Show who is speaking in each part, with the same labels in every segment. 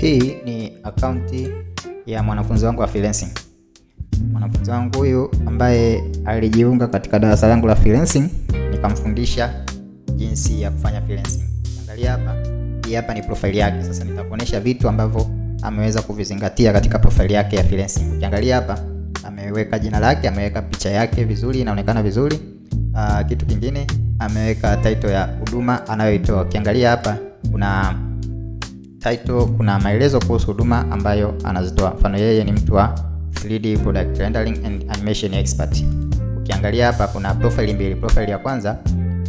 Speaker 1: Hii ni akaunti ya mwanafunzi wangu wa freelancing. Mwanafunzi wangu huyu ambaye alijiunga katika darasa langu la freelancing, nikamfundisha jinsi ya kufanya freelancing. Angalia hapa, hii hapa ni profile yake. Sasa nitakuonesha vitu ambavyo ameweza kuvizingatia katika profile yake ya freelancing. Ukiangalia hapa, ameweka jina lake, ameweka picha yake vizuri, inaonekana vizuri. Aa, ah, kitu kingine ameweka title ya huduma anayoitoa. Ukiangalia hapa kuna title kuna maelezo kuhusu huduma ambayo anazitoa. Mfano, yeye ni mtu wa 3D product rendering and animation expert. Ukiangalia hapa kuna profile mbili. Profile ya kwanza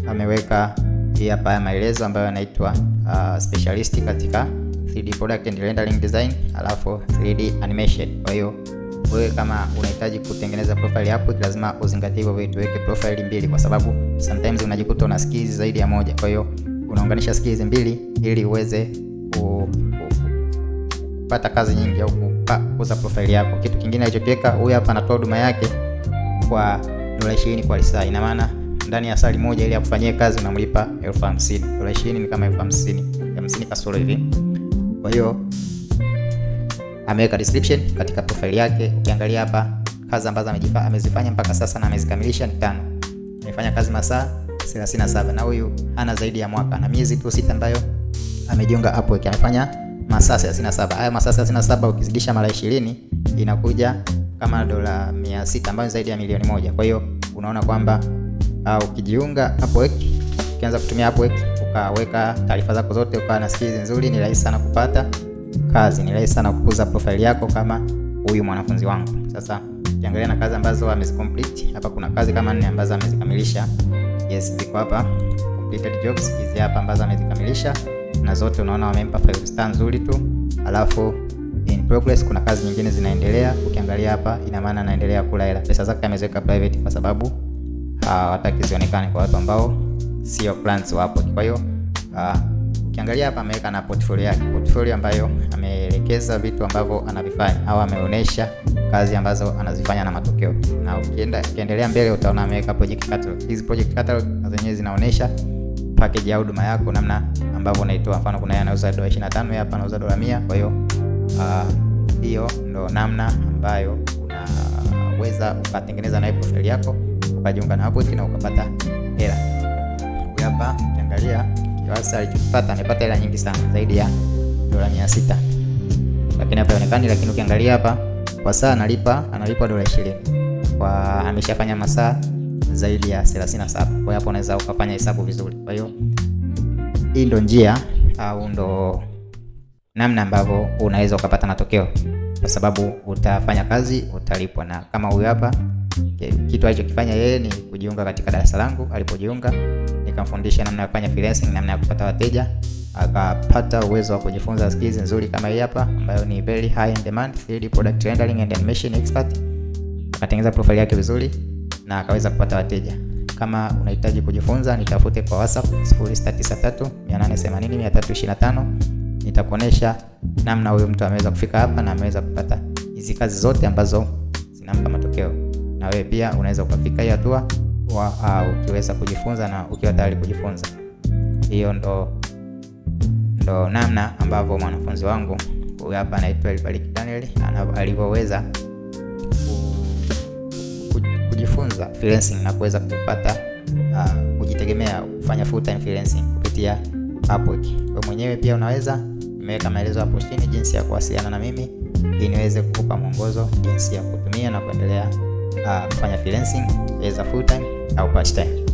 Speaker 1: ameweka hii hapa ya maelezo ambayo anaitwa uh, specialist katika 3D product and rendering design, alafu 3D animation. Kwa hiyo wewe kama unahitaji kutengeneza profile yako lazima uzingatie hivyo vitu, weke profile mbili, kwa sababu sometimes unajikuta una skills zaidi ya moja. Kwa hiyo unaunganisha skills mbili ili uweze kupata kazi nyingi au kukuza profile yako. Kitu kingine alichokiweka huyu hapa, anatoa huduma yake kwa dola 20 kwa saa, Ina maana ndani ya sali moja ili akufanyie kazi unamlipa elfu hamsini. Dola 20 ni kama elfu hamsini hamsini kasoro hivi. Kwa hiyo ameweka description katika profile yake. Ukiangalia hapa kazi ambazo amezifanya mpaka sasa na amezikamilisha ni tano. Amefanya kazi masaa 37 na huyu ana zaidi ya mwaka na miezi tu sita ambayo amejiunga Upwork anafanya masaa 37. Haya masaa 37 ukizidisha mara 20 inakuja kama dola 600 ambayo zaidi ya milioni moja. Kwa hiyo unaona kwamba uh, ukijiunga Upwork, ukianza kutumia Upwork, ukaweka taarifa zako zote, ukawa na skills nzuri, ni rahisi sana kupata kazi, ni rahisi sana kukuza profile yako kama huyu mwanafunzi wangu. Sasa ukiangalia na kazi ambazo amezicomplete hapa, kuna kazi kama nne ambazo amezikamilisha. Yes, ziko hapa completed jobs hizi hapa ambazo amezikamilisha na zote unaona wamempa 5 star nzuri tu, alafu in progress kuna kazi nyingine zinaendelea. Ukiangalia hapa, ina maana anaendelea kula hela, pesa zake ameziweka private kwa sababu ah, hawataki zionekane kwa watu ambao sio clients wapo. Kwa hiyo ah, ukiangalia hapa, ameweka na portfolio yake, portfolio ambayo ameelekeza vitu ambavyo anavifanya au ameonesha kazi ambazo anazifanya na matokeo, na ukienda ukiendelea mbele utaona ameweka project catalog. Hizi project catalog zenyewe zinaonesha package ya huduma yako, namna ambavyo unaitoa. Mfano, kuna yeye anauza dola 25, hapa anauza dola 100. Kwa hiyo ah, hiyo ndo namna ambayo unaweza ukatengeneza na profile yako ukajiunga na hapo na ukapata hela. Hapa ukiangalia Kiwasa alichopata amepata hela nyingi sana zaidi ya dola 600, lakini hapa haionekani. Lakini ukiangalia hapa kwa saa analipa analipa dola 20 kwa ameshafanya masaa zaidi ya 37. Kwa hiyo hapo unaweza ukafanya hesabu vizuri. Kwa hiyo hii ndo njia au ndo namna ambavyo unaweza ukapata matokeo, kwa sababu utafanya kazi, utalipwa. Na kama huyu hapa, kitu alichokifanya yeye ni kujiunga katika darasa langu. Alipojiunga nikamfundisha namna ya kufanya freelancing, namna ya kupata wateja, akapata uwezo wa kujifunza skills nzuri kama hii hapa, ambayo ni very high in demand 3D product rendering and animation expert. Akatengeneza profile yake vizuri na akaweza kupata wateja. Kama unahitaji kujifunza, nitafute kwa WhatsApp 0693 880 Nitakuonesha namna huyo mtu ameweza kufika hapa na ameweza kupata hizi kazi zote ambazo zinampa matokeo, na wewe pia unaweza kufika hiyo hatua ukiweza kujifunza na ukiwa tayari kujifunza. Hiyo ndo, ndo namna ambavyo mwanafunzi wangu huyu hapa anaitwa Elibariki Daniel alivyoweza kujifunza freelancing na kuweza kupata uh, kujitegemea kufanya full time freelancing kupitia Upwork. Kwa mwenyewe pia unaweza. Nimeweka maelezo hapo chini jinsi ya kuwasiliana na mimi ili niweze kukupa mwongozo jinsi ya kutumia na kuendelea uh, kufanya freelancing, either full time au part time.